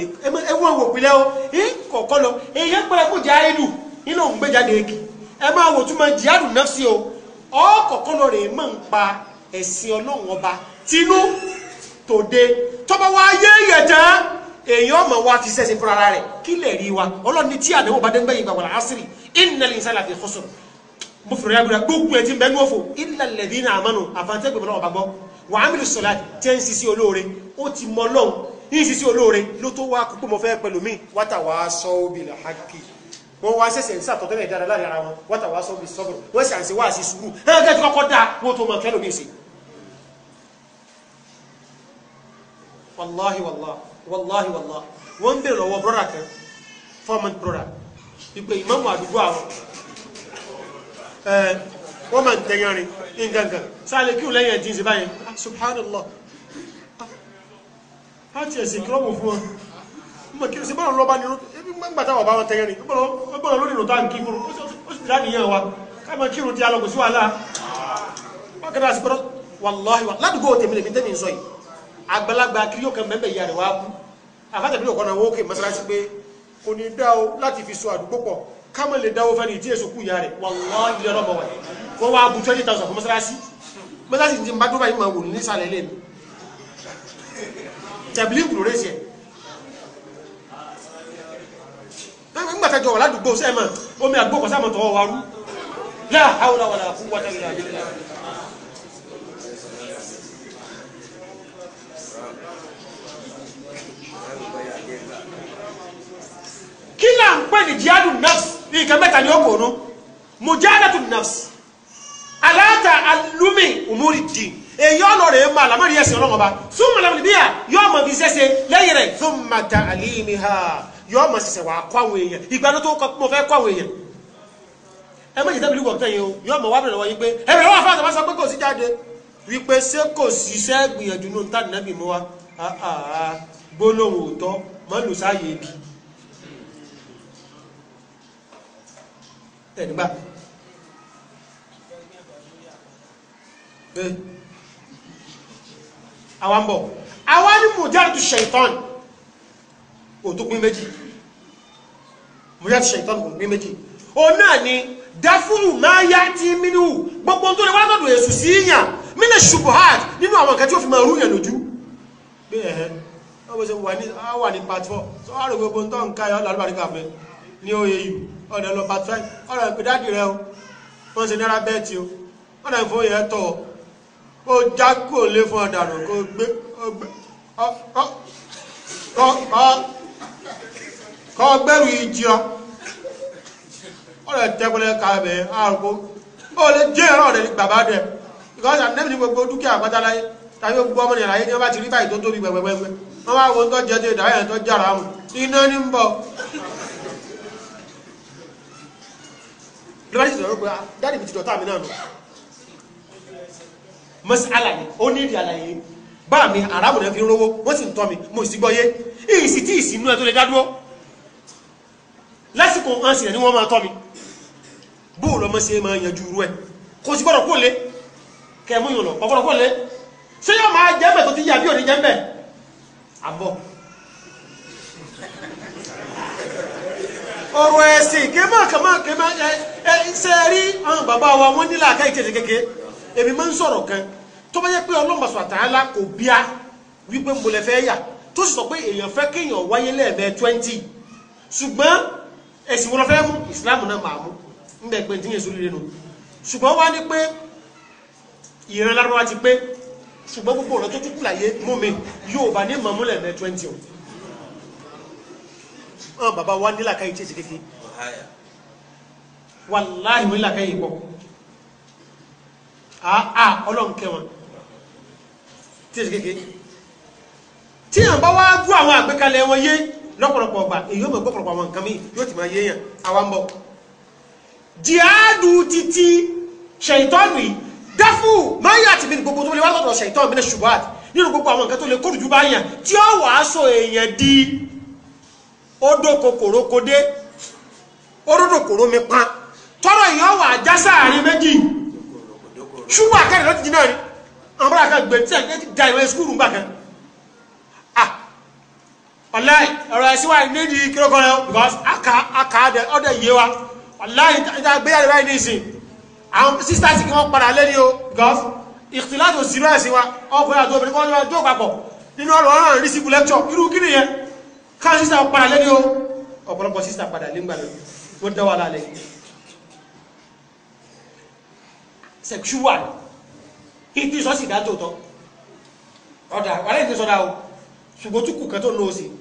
ẹwọ́n wò pílẹ́ o ń kọ̀kọ́ lọ èèyàn pẹ́rẹ́ kó jẹ́ àìlù nínú òun gbéjáde èkì ẹ máa wò túmọ̀ jihadu nafsi o ọ̀kọ̀ọ̀kan lọ rèé mọ̀ ń pa ẹ̀sìn ọlọ́run ọba tinú tòde tọ́ba wa yé yẹ̀tẹ́ èèyàn ọmọ wa ti sẹ́sìn fúnra ara rẹ̀ kí lè rí wa ọlọ́run ní tí àdéhùn bá dégbé yìí gbàgbọ́n àásìrì innal insana lafi khusr mo fìrì agbèrè gbogbo ẹ̀ ti ń bẹ́ẹ̀ ní òfò illal ladina amanu àfàǹtẹ́gbẹ̀mọ́ náà ọba gbọ́ wà á mìíràn sọ̀lá tẹ́ ń olóore ó ti mọ ọlọ́run ní sisi olóore ló tó wá kó pé mo fẹ́ pẹ̀lú mi wátàwá sọ́ọ́bìlà hákì wọ́n wá sẹ̀sẹ̀ ń sàtọ̀tẹ́lẹ̀ dára láàrin ara wọn wọ́n tàwa sọ́bì sọ́bùrù wọ́n sì à ń se wá sí sùúrù ẹgbẹ́ tí kọ́kọ́ dá wọ́n tó mọ̀ kẹ́lò ní ìsìn wàláhì wàláhì wọ́n ń bèèrè lọ́wọ́ brọ́dà kan fọ́ọ̀mọ́ntì brọ́dà ìpè ìmọ̀mù àdúgbò àwọn wọ́n máa ń tẹ̀yánrin ní gangan sáàlẹ̀ kí lẹ́yìn ẹ̀dín sí báyìí ah, subhanallah á ah, ti ẹ̀sìn kírọ́mù fún wọn mọ̀ kí gbàtà ọ̀bá wọn tẹ́yẹ ni gbọ́dọ̀ lórí ìrùtà ń kí fún ó sì dá nìyẹn wa káàmọ̀ kí ìrùtì alọ́gùn sí wàhálà wọ́n kẹ́ta sí pẹ́rọ wàláhì wà ládùúgbò tèmi lèmi tẹ́mi ń sọ yìí àgbàlagbà kiri yóò kàn mẹ́mẹ́ ìyá rẹ̀ wá kú àfàtàbí òkànnà owó òkè mọ́sálásí pé kò ní dá o láti fi twenty thousand fún mọ́sálásí mọ́sálásí ti ń bá dúró báyìí máa wò ní sàlẹ̀ tẹ̀bílì kùrò rẹ̀ sí ẹ̀ nígbà tẹjọ wà ládùúgbò sẹ́mà omi àdúgbò kan sáàmù tọwọ́ warú láà áwọlá wàlà fún wájà ìlà ìlà kí là ń pè ní jihadu nafs èyí ọ̀nà rẹ̀ máa làmọ́rí ẹ̀sìn ọlọ́mọba súnmọ́ làmọ́rí bíyà yọ ọmọ fi ṣẹ́ṣe lẹ́yìn rẹ̀ thumma ta'limiha yóò mọ̀ ṣẹ̀ṣẹ̀ wàá kọ́ àwọn èèyàn ìgbà tó kọ́ mo fẹ́ kọ́ àwọn èèyàn ẹ méjì tẹ́bìlì wọ̀ tẹ́yìn o yóò mọ̀ wá bẹ̀rẹ̀ wọ́n yín pé ẹ bẹ̀rẹ̀ wọ́n àfáàsọ bá sọ pé kò sí jáde wípé ṣé kò sí iṣẹ́ gbìyànjú nù tá nàbì mú wa ah, ah, ah, gbólóhùn òótọ́ mọ́lù sáàyè ibi ẹ̀dùgbà àwọn bọ̀ àwọn ni mùjẹ́rìtù ṣẹ̀tọ́nì kò tó pín méjì mo yá ti ṣe ìtọ́nù kò pín méjì òun náà ni dáfúrù máa yá tí mínú gbogbo tó lè wá lọ́dọ̀ èsù sí yàn mínú ṣubuhat nínú àwọn nǹkan tí ó fi máa rúyàn lójú bí ẹ̀hẹ́ wọ́n bó ṣe wà ní part four tó wà rò gbogbo tó ń ká yọ lálùbáríkà fẹ́ ní oyè yìí ọ̀dẹ̀ lọ part five ọ̀rọ̀ ìpè dáàdì rẹ o wọ́n ṣe náírà bẹ́ẹ̀tì o ọ̀nà ìfowóyè ẹ̀ tọ̀ ó já kó lé fún ọ̀dàrún kó gbé ọgbẹ́ ọ ọ ọ. kọ́ gbẹrù ìjìyàn ọ tẹ́kúnlẹ̀ kàbẹ̀ ka ó lè jẹ́ bàbá dẹ̀ because i never gbogbo dúkìá tàbí gbogbo ọmọ nìyàrá yìí ni wọ́n ah, bá ti rí báyìí tó tóbi gbẹgbẹgbẹ wọ́n wo tó jẹ́ tó jára mu iná ní ń bọ̀ lọ́wọ́ sì sọ̀rọ̀ lásìkò hàn sí ẹ̀ ní wọ́n máa tọ́ mi bóò lọ́mọ sí máa yanjú irú ẹ̀ kò sì gbọ́dọ̀ kó lé kẹmú yòlọ ọ̀gbọ́dọ̀ kó lé ṣé yóò máa jẹ́ mẹ́ tó ti yà bí òní jẹ́ mẹ́ àbọ̀ ọ̀rọ̀ ẹ̀sìn kémà kàmà kémà ẹ ṣe rí àwọn bàbá wa wọ́n nílà ká ìkejì kéke èmi máa ń sọ̀rọ̀ kan tó bá jẹ́ pé ọlọ́mọ̀sọ̀ àtàlá kò bíá wípé mo lè fẹ́ yà tó sì sọ pé èèyàn fẹ́ kéèyàn wáyé lẹ́ẹ̀mẹ́ twenty ṣùgbọ́n èsì wọn fẹ́ mú ìsìláàmù náà màá mú nígbà pé tí yẹn sórí rẹ nù ṣùgbọ́n wá ní pé ìran lárúbáwá ti pé ṣùgbọ́n gbogbo ọ̀rọ̀ tó tún kùlàyé mú mi yóò bá ní mọ̀múlẹ̀ mẹ́ twenty o ọ̀n bàbá wa nílà káyì tí èsì kékeré wàláhì nílà káyì pọ̀ àá ọlọ́nkẹ́ wọn tí èsì kékeré tí àwọn bá wá gbọ́ àwọn àgbékalẹ̀ wọn yé lọ́pọ̀lọpọ̀ ọgbà èyí ò mọ̀ gbọ́pọ̀lọpọ̀ àwọn nǹkan míì yóò ti máa yéèyàn àwa ń bọ̀ jihadu titi ṣèyítọ́nù yìí dáfù máa yà àti bíi gbogbo tó lè wá lọ́dọ̀ ṣèyítọ́nù mi ní ṣùgbọ́n nínú gbogbo àwọn nǹkan tó lè kórùjú bá yàn tí ó wàá sọ èèyàn di odò kòkòrò kodé oródò kòrò mi pa tọrọ èèyàn wà já sáàrin méjì ṣùgbọ́n akẹ́rẹ́ ló ti di àwọn wàláì ọ̀rọ̀ ẹ̀sìn wa nídìí kírókọ rẹ because aka aka ọdẹ yé wa wàláì ìta gbéyàwó báyìí nìsín àwọn sisters kí wọ́n padà lẹ́ni o because ìtìláàtò sínú ẹ̀sìn wa ọkùnrin àti obìnrin kan lọ́wọ́ tó papọ̀ nínú ọ̀rọ̀ ọ̀rọ̀ rí síbu lẹ́kṣọ̀ irú kí nìyẹn káwọn sísà padà lẹ́ni o ọ̀pọ̀lọpọ̀ sísà padà lé ńgbà lónìí wọ́n dá wà lálẹ́ sexual ìtìsọ́sì dájọ́ tọ́ ọ̀dà wàlẹ́ ìtìsọ́dà o ṣùgbọ́n túkù kan tó ń lọ sí i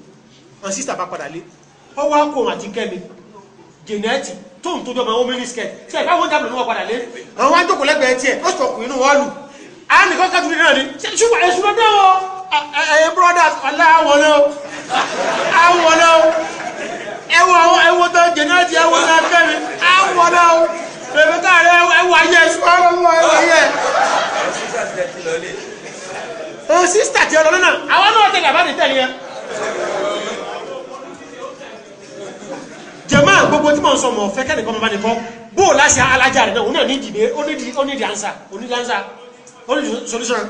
and sister bá padà lé ọwọ́ akóhun àti kẹ́mi jẹnẹẹtì tóun tó jọmọ àwọn mini skirt tí ẹ bá wọn jábìlì ní wọn padà lé àwọn ajókòó lẹ́gbẹ̀ẹ́ tiẹ̀ ó sọ ọkùnrin inú wọn lù á nìkan ká dúró náà ni ṣùgbọ́n èṣù ló dé o ẹ̀yin brothers ọ̀la àwọn náà àwọn náà ẹwọ ẹwọ tó jẹnẹẹtì ẹwọ náà kẹ́mi àwọn náà bèbè táàrẹ ẹwọ ayé ẹṣù ọlọmọ ẹwọ ayé ẹ sísítà tí ọlọ náà àwọn náà tẹlẹ àbá Jama, gbogbo tí mò ń sọ mọ̀ fẹ́ kẹ́nìkan máa bá ní kọ́ bó o láṣẹ alájà rẹ̀ náà òun náà ní ìdìbò onídìí onídìí ansa onídìí ansa onídìí solution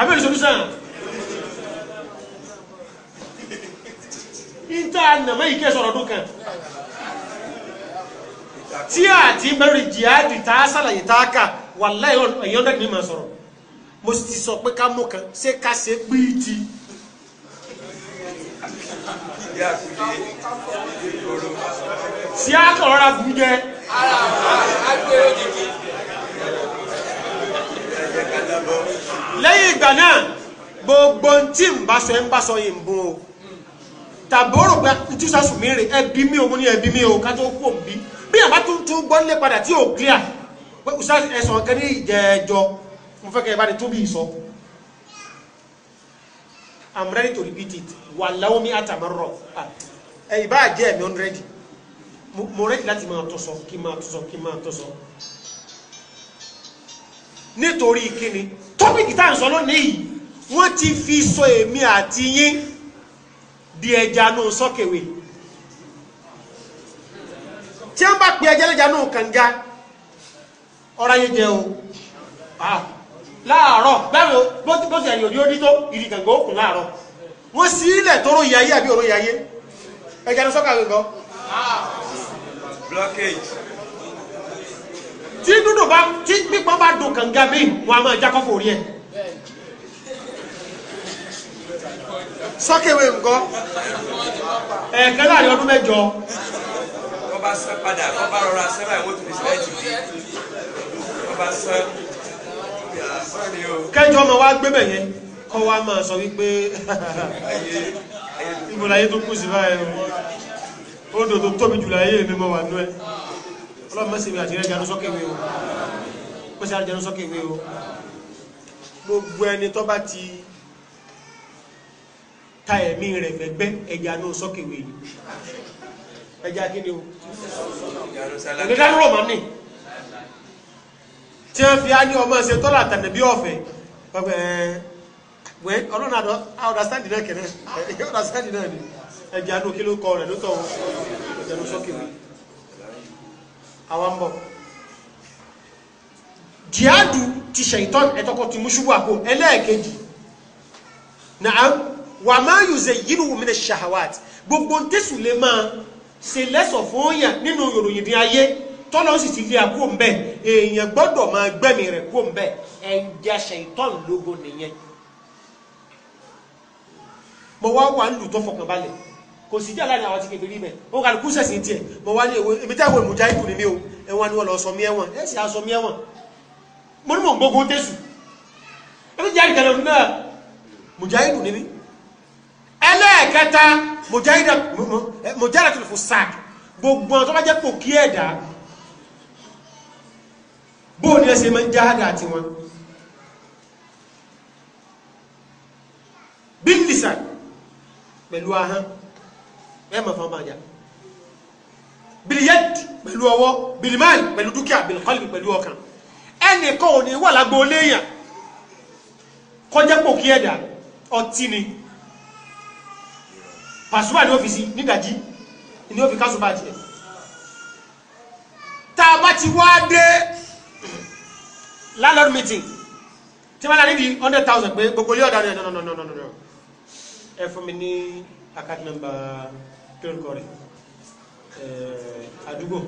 àbí onídìí solution níta nàmọ́ yìí kẹ́ sọ̀rọ̀ ọdún kan tí àti mẹ́rin jihadi tá a sàlàyé tá a kà wàláhí ẹ̀yọ́ndẹ́gbẹ̀mí máa sọ̀rọ̀ mo sì sọ pé ká mú kan ṣé ká ṣe pé ti. si a kàn rọra bù lẹ́yìn ìgbà náà gbogbo tí n bá ṣe ń bá sọ yìí ń o tàbórò pé mi rè ẹbí mi ò mú ní ẹbí mi ò ká tó kú òbí bí àbá tuntun I'm ready to repeat it wàláwọ́ mi àtàmọ́rọ̀ ah. ẹ̀ ìbá jẹ́ ẹ̀mí ọ̀nrẹ́dì mo rẹ́dì láti máa tó sọ kí máa tó sọ kí máa tó sọ nítorí kíni tọ́pìkì tá à ń sọ lónìí wọ́n ti fi sọ èmi àti yín di ẹja nù sọ́kèwé tí wọ́n bá pe ẹja lẹ́ja nù kànga ọ̀rá yẹn jẹ́ Ah láàárọ̀ báwo bó ti ẹ̀yìn òdi ó dí tó ìdí kàngó òkun láàárọ̀ wọ́n sí ilẹ̀ tó ròyìn ayé àbí òròyìn ayé ẹ̀jẹ̀ ní sọ́kà gbẹ̀gbọ́. blockage. tí dúdú bá tí pípọ́n bá dùn kànga mi wọn a máa já kọ́fọ̀ orí ẹ̀. sọ́kèwé nǹkan ẹ̀ẹ̀kan láàrin ọdún mẹ́jọ. wọ́n bá sẹ́ padà wọ́n bá rọra sẹ́fà ìwọ́n tó fi sílẹ̀ jù kẹjọ ọmọ wa gbébẹ̀ yẹn kọ́ wa máa sọ wípé ìmọ̀láyé tó kù sí báyìí o odò tó tóbi jù láyé mi mọ́ wà nú ẹ ọlọ́mọ sì mi àti rẹ̀ jẹun sọ́kèwé o pèsè àjẹun sọ́kèwé o gbogbo ẹni tó bá ti ta ẹ̀mí rẹ̀ fẹ́gbẹ́ ẹja náà sọ́kèwé ẹja kí ni o ẹ̀dẹ̀dá ló rọ̀ mọ́ ni tí wọ́n fi á ní ọmọ ṣe tọ́lá àtànàbí ọ̀fẹ́ ọgbẹ́ ẹ̀ ọlọ́run àdọ́ ọ̀dàstáǹdì náà kẹ̀rẹ́ ọ̀dàstáǹdì náà ni ẹ̀jẹ̀ àdó kí ló kọ rẹ̀ ló tọ̀ ọ̀jẹ̀ ló sọ́kè mi àwọn ń bọ̀ jihadu ti ṣẹ̀yìntọ́n ẹ̀tọ́kọ̀ ti mú ṣubú àpò ẹlẹ́ẹ̀kejì náà wà máa yùzẹ̀ yínú wùmínà ṣahawat gbogbo tẹ́sù lè máa ṣe lẹ́sọ̀ fún òyà nínú yòròyìn ayé tọ́lọ́ sì ti lé àkó ń bẹ́ èèyàn gbọ́dọ̀ máa gbẹ́mí rẹ̀ kó ń bẹ́ ẹ̀ǹjà ṣèǹtọ́n lógo nìyẹn. mo wá wà ń lù tó fọkàn balẹ̀ kò sí jà láàrin àwọn ti kékeré bẹ̀ ó kàlùkù sẹ̀sìn tiẹ̀ mo wá ní èwo èmi táwọn èèmù já ìkù ni mi o ẹ̀wọ̀n ni wọ́n lọ sọ mí ẹ̀wọ̀n ẹ̀ sì aṣọ mí ẹ̀wọ̀n mo ní mò ń gbógun tẹ̀sù ẹ̀mí jáde kẹlẹ́ òun náà mùjáhìdù ni mí ẹlẹ́ẹ̀kẹta mùjáhìdù mùjáhìdù fún sáàkì gbogbo ọ̀n bá jẹ́ pò kí ẹ̀dá bóò ní ẹsẹ̀ máa ń jáhádà àti wọn bílísà pẹ̀lú ahán mẹ́mọ̀ fún ọmọ àjà bìlìyẹ́d pẹ̀lú ọwọ́ bìlìmáàlì pẹ̀lú dúkìá bìlìkọ́lì pẹ̀lú ọkàn ẹnìkan ò ní wà lágbo léèyàn kọjá pò kí ẹ̀dà ọtí ni pàṣùbà ní ọ́fíìsì nídàjí ní ọ́fíìsì kásùbà jẹ́ tá a bá ti wá dé landlord meeting tí wọ́n ní hundred thousand pé gbogbo ilé ọ̀daràn no no no no no ẹ fún mi ní account number kílódé kọ́ rẹ̀ eh, àdúgbò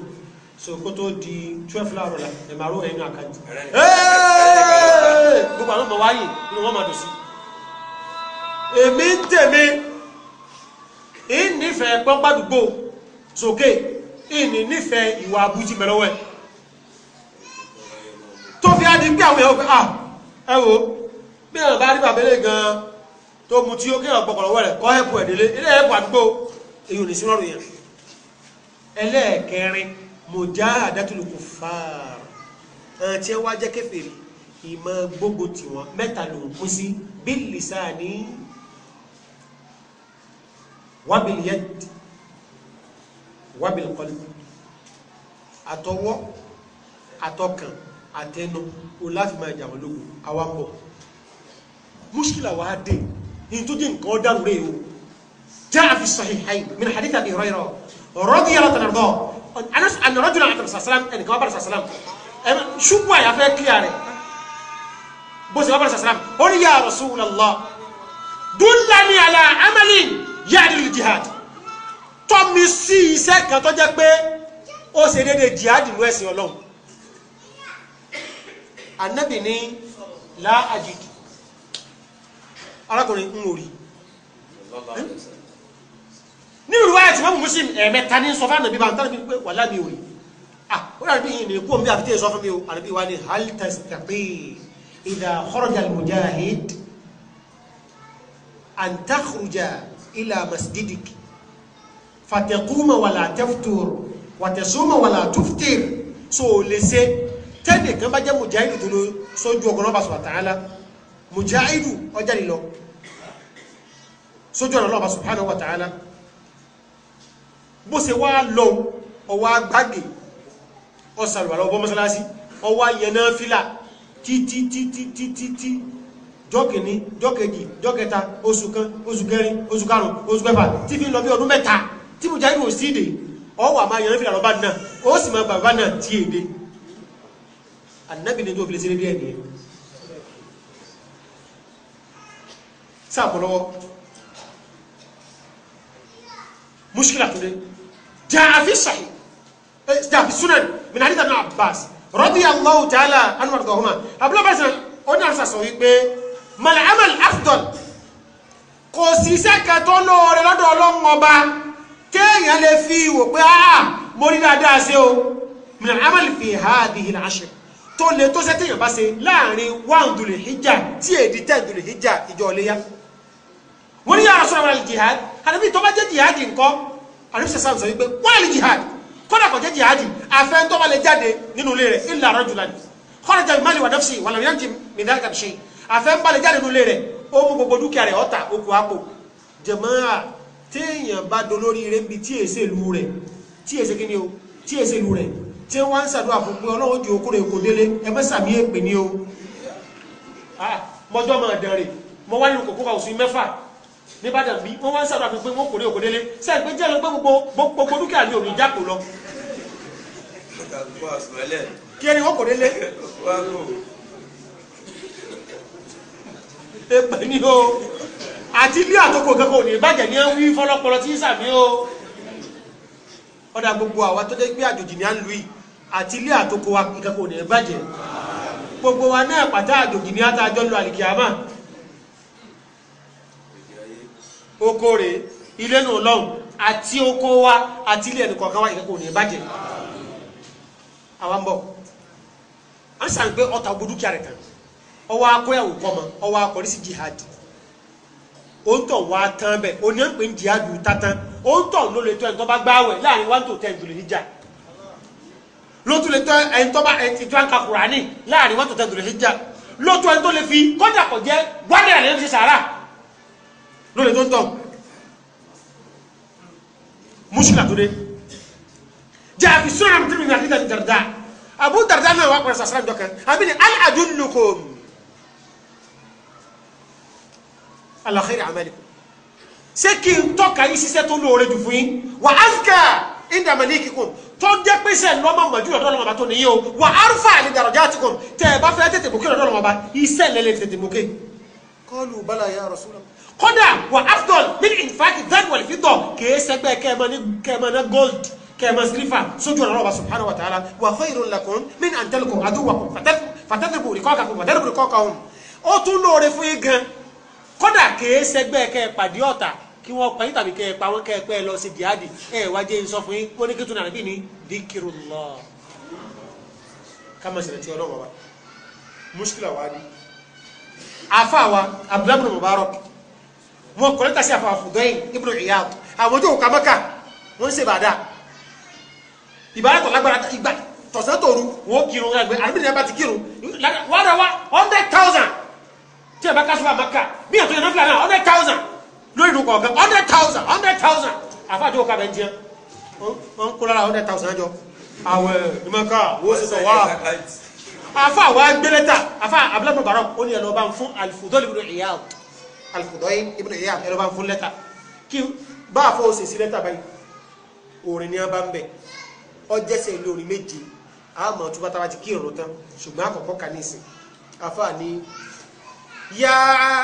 so kó tó di twelve láàárọ̀ la ẹ̀ máa ró ẹ̀yìn náà account gbogbo àwọn ọmọ wáyé ni wọ́n máa dùn sí èmi ń tèmi ìnífẹ̀ẹ́ pọ́npádùgbò sókè ìnínífẹ̀ẹ́ ìwà abújí mẹ́lọ́wọ́ ni pé àwọn èèyàn ah ẹ wo bí èèyàn bá rí bàbá ilé gan tó mu tí ó kéèyàn gbọkọ̀ lọ́wọ́ rẹ̀ kọ́ ẹ̀pù ẹ̀dílé ilé ẹ̀pù àdúgbò èyí ò ní sí rọrùn yẹn ẹlẹ́ẹ̀kẹrin mọ̀já àdátùlù kò fààrà ẹ̀hàn tí ẹ wá jẹ́ kèfèrí ìmọ̀ gbogbo tiwọn mẹ́ta ló ń kú sí bí lisani wabil yad wabil qalbi àtọwọ́ àtọkàn àtẹnu o láti máa jà wọn lógun àwa ń bọ̀ mushkila wa dé in tó jẹ́ nǹkan ọ̀dà rẹ̀ o jaa fi sahihayn min hadith Abi Hurairah radiyallahu anhu anas an rajula atam sasalam ẹni kan wà bára sasalam ṣùgbọ́n àyà fẹ́ kíyà rẹ̀ bó ṣe wà bára sasalam ó ní ya Rasulullah dullani ala amalin ya'dil jihad tọ́mi sí iṣẹ́ kan tó pé ó ṣe déédéé jihad nínú ẹ̀sìn Ọlọ́run anabi ní láàjìdù arákùnrin ń orí hmm? ní ìrù wáyà tí mọ́mù muslim ẹ̀mẹ́ta ní sọ fánà bí bá ń tánà bí pé wà láàmì orí ah ó rà bí ní kú omi àfi tí èso fún mi o àrùbí wa ní hal tastati idha kharaja al-mujahid an takhruja ila masjidik fataquma wala taftur watasuma wala so lè ṣe tẹ́nì kan bá jẹ́ mujahidu tó ló sójú ọkọ̀ náà bá sọ̀rọ̀ tààlà mujahidu ọjà lílọ sójú ọ̀nà náà bá subhanahu wa ta'ala bó ṣe wá lọ ọwá gbágbé ọ̀sàlùwàlọ́ ọgbọ́ mọ́sálásí ọwá yẹnáfílà títítítítítí jọ́kìní jọ́kẹjì jọ́kẹta oṣù kan oṣù kẹrin oṣù karùn oṣù kẹfà tí fi lọ bí ọdún mẹ́ta tí mujahidu ò sí ìdè ọwà máa yẹnáfílà lọ bá náà ó ànábì ní tó fi lè sílé díẹ̀ nìyẹn sáàpọ̀lọ́wọ́ mushkila tó dé jàfi sahih eh, jàfi sunan min hadith ibn abbas radiyallahu ta'ala anhu àdọ̀húnmá abúlé bá sàn ó ní àṣà sọ wípé mal amal afdal kò síṣẹ́ kẹtọ́ lóore lọ́dọ̀ ọlọ́run ọba kéèyàn lè fi wò pé ah mo rí dáadáa sí o min al amal fi hadhihi al ashr tó le tó sẹ́tẹ̀ yàn bá ṣe láàrin wàhùn dùlẹ̀ hijab tí èdè tẹ̀ dùlẹ̀ hijab ìjọ ọ̀lẹ́yà wọ́n ní yàrá sọ̀rọ̀ wàlẹ̀ jihad àdàbí tó bá jẹ́ jihad ńkọ́ àdàbí sọ̀rọ̀ sọ wípé wàlẹ̀ jihad kọ́dà kọ́ jẹ́ jihad àfẹ́ tó bá lè jáde nínú ilé rẹ̀ ilà rajulan kọ́dà jẹ́ mali wà nafsi wà lọ́yàn jì mí dáríkà ṣe àfẹ́ ń bá lè jáde nínú ilé rẹ̀ ó mú gbogbo dúkìá rẹ̀ ọ̀tà okù àpò jàmáà téèyàn bá dolórí rẹ̀ ń bi tí èsè lu rẹ̀ tí èsè kíni o tí èsè lu rẹ̀ tí wọ́n ń sàdúrà fún pé ọlọ́wọ́ jù okúrò èkó délé ẹgbẹ́ sàmí èpè ní o mọjọ́ mọ̀ ẹ̀dẹ̀ rẹ̀ mọ wá nínú kòkó ọ̀sùn mẹ́fà nìbàdàn bí wọ́n wá ń sàdúrà fún pé wọ́n kò rí òkò délé sẹ́yìn pé jẹ́ lọ pé gbogbo dúkìá ní òrìjà kò lọ. kí ẹni wọ́n kò délé. èpè ní o àti ilé àtòkò kankan ò ní ìbàjẹ́ ní wí fọlọ́pọlọ tí ń sàmí o ọ̀dà gbogbo àwa tó jẹ́ pé àjòjì ni à ń lu yìí àti ilé àtòkò wa ìkẹ́kọ̀ọ́ ní ẹ̀bàjẹ́ gbogbo wa náà pàtà àjòjì ní àtàjọ́ lọ àlìkìyàmá oko rẹ̀ ilé nù lọ́hùn àti oko wa àti ilé ẹnì kọ̀ọ̀kan wa ìkẹ́kọ̀ọ́ ní ẹ̀bàjẹ́ àwọn bọ̀ wọ́n sàn pé ọta rẹ̀ ọwọ́ kọ́ mọ ọwọ́ sí jihad ó ń tọ̀ wá tán bẹ́ẹ̀ oníyànpé ń jihad tán tán ó ń tọ̀ ẹ̀ tó bá to lótú lè tọ́ ẹni tó bá ẹni tó ń ka Kùránì láàrin wọ́n tó tẹ́ dùlẹ̀ ṣíjà lótú ẹni tó lè fi kọ́dà kọ̀ jẹ́ gbádùn àlẹ́ fi sàárà ló lè tó ń tọ̀ mùsùlùmí àtúndé jẹ́ àfi sọ́nà àmì tìrìmì àti dàdí dàdá Abu Darda náà wà pẹ̀lú sàṣàrà ìjọ àbí ni al adullukum ala khairi amalikum ṣé kí n tọ́ka yìí ṣiṣẹ́ tó lóore jù fún yín wà á ń kà inda malikikum tó jẹ́ pé iṣẹ́ lọ́mọ mọ̀jú ọ̀dọ́ lọ́mọ bá tó nìyí o wà arúfà àlè darajatikum tẹ́ ẹ bá fẹ́ tètè mókè ọ̀dọ́ lọ́mọ bá iṣẹ́ lẹ́lẹ́ tètè mókè. kọ́ọ̀lù bala ya rasulallah. kódà wà afdol min infaki dhan wal fidda kèé sẹgbẹ́ kẹ́ẹ̀mọ́ ní kẹ́ẹ̀mọ́ ná gold kẹ́ẹ̀mọ́ sílífà sójú ọ̀nà ọ̀bà subhanahu wa ta'ala wa khayrun lakum min an talqu aduwwakum fatathibu riqaqakum wa darbu riqaqahum ó tún lóore fún yín gan kódà kèé sẹgbẹ́ kẹ́ẹ̀ pàdé ọ̀tá kí wọ́n pa yín tàbí kẹ́ ẹ pa wọ́n kẹ́ ẹ pẹ́ ẹ lọ sí jihadi ẹ wá jẹ́ sọ fún yín wọ́n ní kẹ́tù nàbí ní dìkìrùlọ́ kámẹ́sì rẹ̀ ti ọlọ́wọ́ wa muskila wa ni afa wa abdulayi mubarak wọn kọ́ lẹ́tà sí afa Fudail ibn Iyad àwọn ojú òkà mẹ́ka wọ́n ń ṣèbàdà ìbáratọ̀ lágbára ìgbà tọ̀sán tòru wọ́n kírun àgbẹ̀ àdúgbò yẹn ti kírun wàdà wa hundred thousand tí a bá kásùwà mẹ́ka bí àtúnyẹ̀ náà fìlà hundred thousand lórí ìlú kọ̀ọ̀kan hundred thousand hundred thousand àfáàjọ ọkà bẹ ń jẹ wọn ń kó lára hundred thousand jọ àwẹ̀ ìmọ̀ká owó sísọ wà àfa àwa gbélẹ́tà àfa abúlẹ́bùn bàrọ̀ ó ní ẹlọ́ba fún alifudọ́ ibùdó ìyá alifudọ́ ibùdó ìyá ẹlọ́ba fún lẹ́tà kí bá a fọ́ òsè sí lẹ́tà báyìí orin ní a bá ń bẹ̀ ọjẹ́sẹ̀ lórí méje àmọ́ tó bá tara ti kí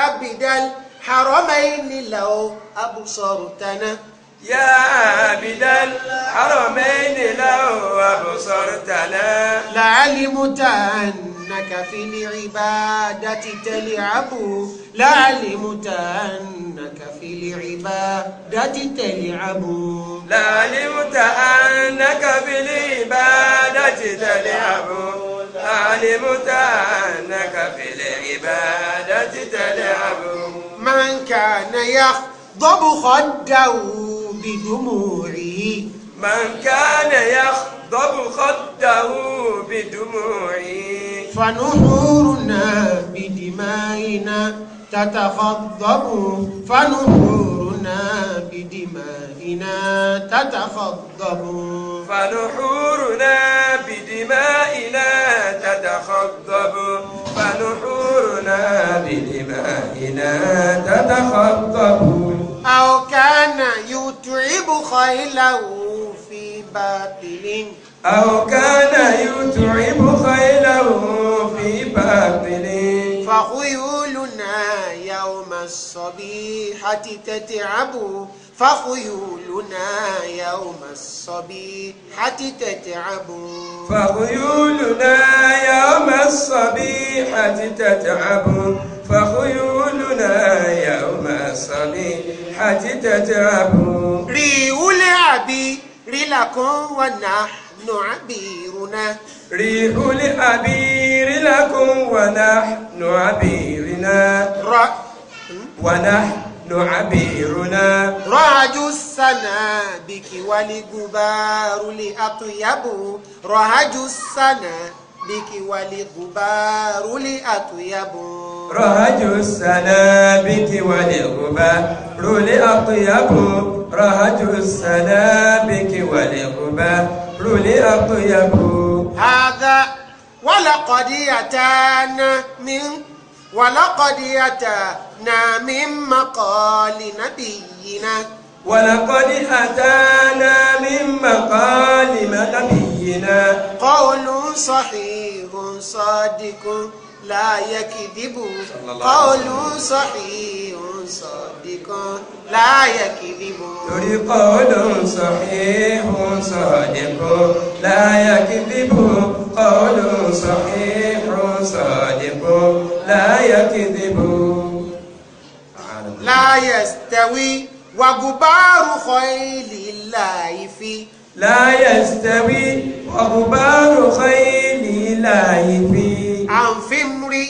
abidal. حرمين لو أبصرتنا يا عابد الحرمين لو أبصرتنا لعلمت أنك في العبادة تلعب لعلمت أنك في العبادة تلعب لعلمت أنك في العبادة تلعب لعلمت أنك في العبادة تلعب من كان يخضب خده بدموعه من كان يخضب خده بدموعه فنحورنا بدمائنا تتخضب فنحورنا بدمائنا تتخضب فنحورنا بدمائنا تتخضب فنحورنا بدمائنا تتخضب أو كان يتعب خيله في باطل أو كان يتعب خيله في باطل فخيول الصبيحة تتعب فخيولنا يوم الصبيحة تتعب فخيولنا يوم الصبيحة تتعب فخيولنا يوم الصبيحة تتعب ريو لعبي رلكم ونحن عبيرنا ريح العبير لكم ونحن عبيرنا رأي ونحن عبيرنا رعج السنابك والغبار لأطيب رعج السنابك والغبار لأطيب رهج السنابك والغبار لأطيب رهج السنابك والغبار لأطيب هذا ولقد أتانا من ولقد أتانا من مقال نبينا ولقد أتانا من مقال نبينا قول صحيح صادق لا يكذب قول صحيح صادق لا يكذب قول صحيح صادق لا يكذب قول صحيح صادق لا يكذبون لا يستوي وغبار خيل الله في لا يستوي وغبار خيل الله في عن في امرئ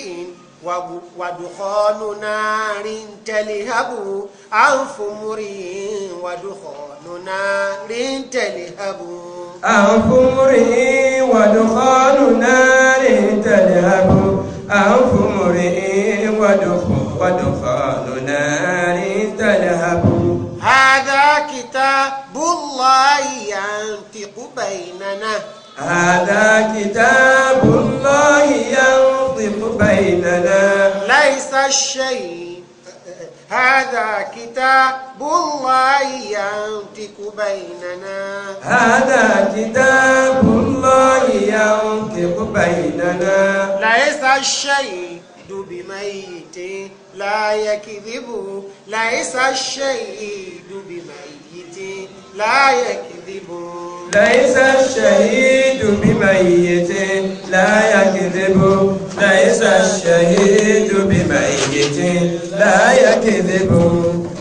ودخان نار تلهب أنف امرئ ودخان نار تلهب أنف امرئ ودخان نار تلهب هذا كتاب الله ينطق بيننا هذا كتاب الله ينطق بيننا ليس الشيء هذا كتاب الله ينطق بيننا هذا كتاب الله ينطق بيننا ليس الشيء بميت لا يكذب ليس الشيء بميت لا يكذب ليس الشهيد بميت لا يكذب ليس الشهيد بميت لا يكذب